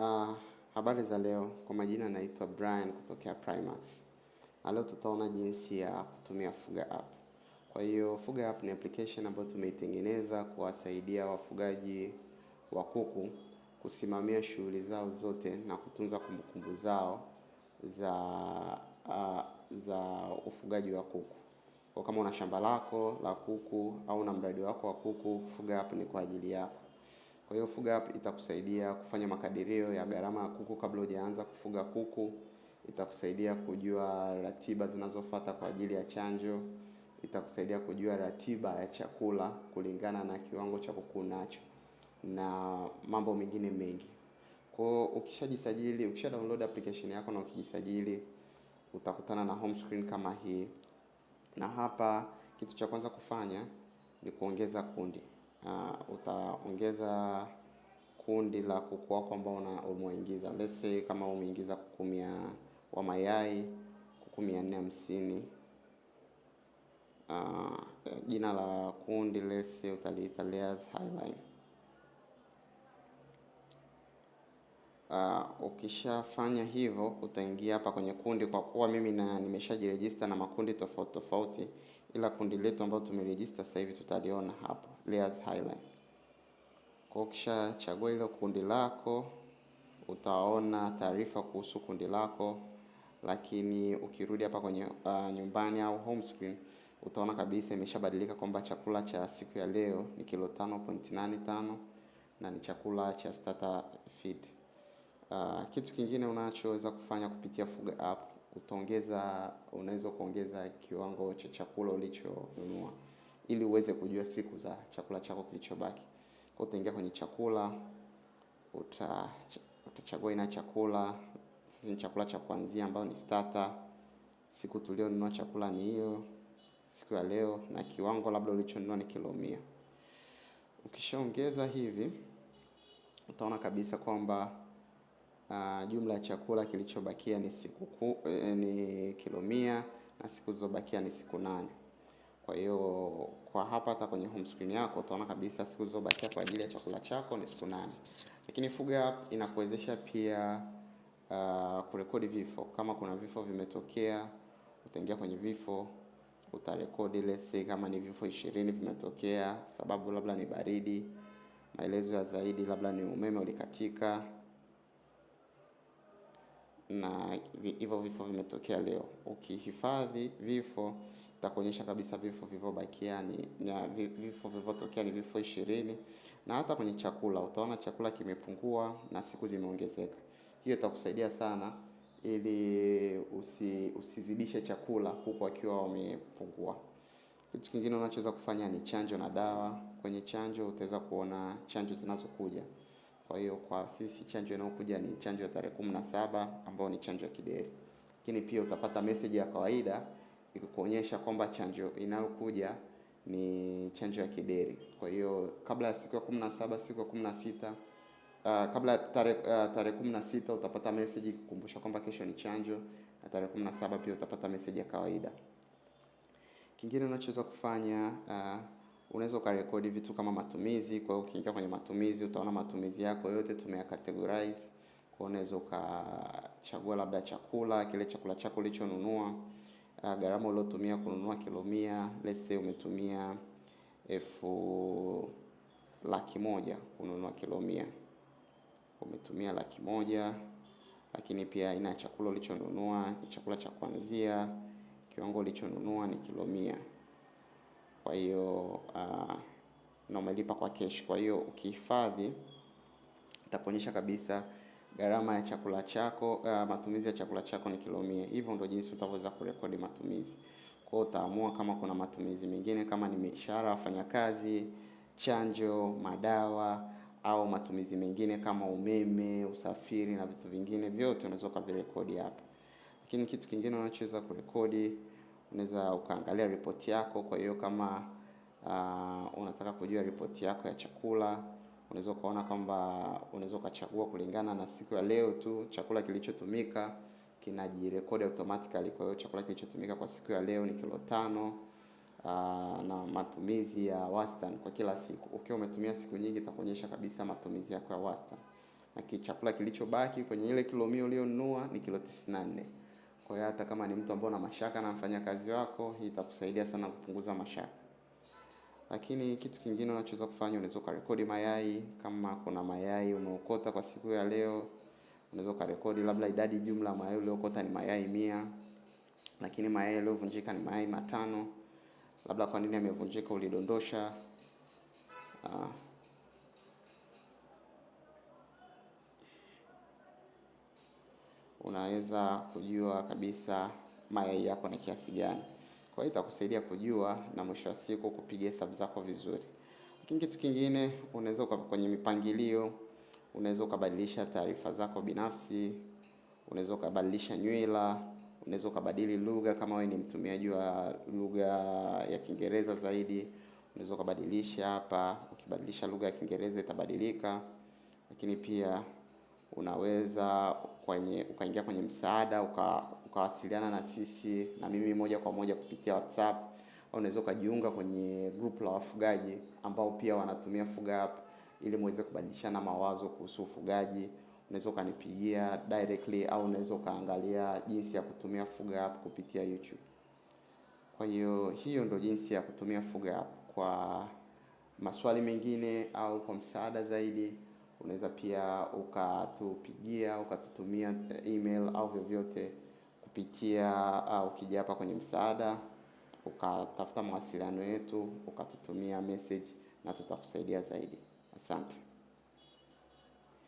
Uh, habari za leo. Kwa majina naitwa Brian kutokea Primax. Ah, leo tutaona jinsi ya kutumia Fuga app. Kwa hiyo Fuga app ni application ambayo tumeitengeneza kuwasaidia wafugaji wa kuku kusimamia shughuli zao zote na kutunza kumbukumbu zao za uh, za ufugaji wa kuku. Kwa kama una shamba lako la kuku au na mradi wako wa kuku, Fuga app ni kwa ajili yako. Kwa hiyo Fuga app itakusaidia kufanya makadirio ya gharama ya kuku kabla hujaanza kufuga kuku, itakusaidia kujua ratiba zinazofuata kwa ajili ya chanjo, itakusaidia kujua ratiba ya chakula kulingana na kiwango cha kuku nacho na mambo mengine mengi. Kwa ukishajisajili, ukisha download application yako na ukijisajili, utakutana na home screen kama hii. Na hapa kitu cha kwanza kufanya ni kuongeza kundi uh, utaongeza kundi la kuku wako ambao umeingiza. Let's say kama umeingiza kuku mia wa mayai kuku mia nne hamsini uh, jina la kundi let's say utaliita Layers Highline. Uh, ukishafanya hivyo utaingia hapa kwenye kundi. Kwa kuwa mimi na nimeshajirejista na makundi tofauti tofauti ila kundi letu ambalo tumeregister sasa hivi tutaliona hapo layers highlight. Kwa kisha chagua ile kundi lako, utaona taarifa kuhusu kundi lako, lakini ukirudi hapa kwenye uh, nyumbani au home screen utaona kabisa imeshabadilika kwamba chakula cha siku ya leo ni kilo 5.85 na ni chakula cha starter feed. Uh, kitu kingine unachoweza kufanya kupitia Fuga app utaongeza, unaweza kuongeza kiwango cha chakula ulichonunua ili uweze kujua siku za chakula chako kilichobaki. Kwa utaingia kwenye chakula, uta, utachagua ina chakula. Sisi ni chakula cha kuanzia ambayo ni starter. Siku tulionunua chakula ni hiyo siku ya leo, na kiwango labda ulichonunua ni kilo 100. Ukishaongeza hivi utaona kabisa kwamba Uh, jumla ya chakula kilichobakia ni siku ku, eh, ni kilo mia na siku zilizobakia ni siku nane. Kwa hiyo kwa hapa hata kwenye home screen yako utaona kabisa siku zilizobakia kwa ajili ya chakula chako ni siku nane, lakini Fuga app inakuwezesha pia uh, kurekodi vifo. Kama kuna vifo vimetokea, utaingia kwenye vifo utarekodi lesi, kama ni vifo ishirini vimetokea, sababu labda ni baridi, maelezo ya zaidi, labda ni umeme ulikatika na hivyo vifo vimetokea leo. Ukihifadhi vifo itakuonyesha kabisa vifo vilivyobakia ni vifo vilivyotokea ni vifo ishirini, na hata kwenye chakula utaona chakula kimepungua na siku zimeongezeka. Hiyo itakusaidia sana ili usi, usizidishe chakula huku wakiwa wamepungua. Kitu kingine unachoweza kufanya ni chanjo na dawa. Kwenye chanjo utaweza kuona chanjo zinazokuja. Kwa hiyo kwa sisi chanjo inayokuja ni chanjo ya tarehe kumi na saba ambayo ni chanjo ya kideri, lakini pia utapata message ya kawaida ikikuonyesha kwamba chanjo inayokuja ni chanjo ya kideri. Kwa hiyo kabla ya siku ya kumi na saba siku ya kumi na sita Uh, kabla ah, tarehe uh, tare kumi na sita utapata message kukumbusha kwamba kesho ni chanjo, na tarehe kumi na saba pia utapata message ya kawaida. Kingine unachoweza kufanya uh, unaweza ukarekodi vitu kama matumizi. Kwa hiyo ukiingia kwenye matumizi, utaona matumizi yako yote tumeyakategorize. Kwa unaweza ukachagua labda chakula, kile chakula chako ulichonunua, ah, gharama uliotumia kununua kilo mia, let's say umetumia elfu laki moja kununua kilo mia, umetumia laki moja lakini pia aina ya chakula ulichonunua ni chakula cha kwanzia, kiwango ulichonunua ni kilo mia kwa hiyo uh, na umelipa kwa cash. Kwa hiyo ukihifadhi itakuonyesha kabisa gharama ya chakula chako, uh, matumizi ya chakula chako ni kilo mia. Hivyo ndio jinsi utaweza kurekodi matumizi. Kwa hiyo utaamua kama kuna matumizi mengine kama ni mishahara wafanyakazi, chanjo, madawa au matumizi mengine kama umeme, usafiri na vitu vingine vyote unaweza kuvirekodi hapa. Lakini kitu kingine unachoweza kurekodi unaweza ukaangalia ripoti yako. Kwa hiyo kama uh, unataka kujua ripoti yako ya chakula, unaweza ukaona kwamba unaweza ukachagua kulingana na siku ya leo tu chakula kilichotumika kinajirekodi automatically. Kwa hiyo chakula kilichotumika kwa siku ya leo ni kilo tano uh, na matumizi ya wastani kwa kila siku. Ukiwa umetumia siku nyingi, itakuonyesha kabisa matumizi yako ya wastani, na chakula kilichobaki kwenye ile kilo mia ulionunua ni kilo 94. Kwa hiyo hata kama ni mtu ambaye una mashaka na mfanyakazi wako, hii itakusaidia sana kupunguza mashaka. Lakini kitu kingine unachoweza kufanya, unaweza ukarekodi mayai. Kama kuna mayai umeokota kwa siku ya leo, unaweza ukarekodi labda idadi jumla mayai uliokota ni mayai mia, lakini mayai yaliyovunjika ni mayai matano. Labda kwa nini yamevunjika ulidondosha. Uh, unaweza kujua kabisa mayai yako ni kiasi gani. Kwa hiyo itakusaidia kujua na mwisho wa siku kupiga hesabu zako vizuri. Lakini kitu kingine, unaweza kwenye mipangilio, unaweza ukabadilisha taarifa zako binafsi, unaweza ukabadilisha nywila, unaweza ukabadili lugha kama wewe ni mtumiaji wa lugha ya Kiingereza zaidi, unaweza ukabadilisha hapa. Ukibadilisha lugha ya Kiingereza itabadilika, lakini pia unaweza kwenye ukaingia kwenye msaada uka, ukawasiliana na sisi na mimi moja kwa moja kupitia WhatsApp au unaweza ukajiunga kwenye group la wafugaji ambao pia wanatumia Fuga App ili muweze kubadilishana mawazo kuhusu ufugaji. Unaweza ukanipigia directly au unaweza ukaangalia jinsi ya kutumia Fuga App kupitia YouTube. Kwa hiyo hiyo ndo jinsi ya kutumia Fuga App. Kwa maswali mengine au kwa msaada zaidi Unaweza pia ukatupigia ukatutumia eh, email au vyovyote kupitia uh, ukija hapa kwenye msaada ukatafuta mawasiliano yetu ukatutumia message na tutakusaidia zaidi. Asante.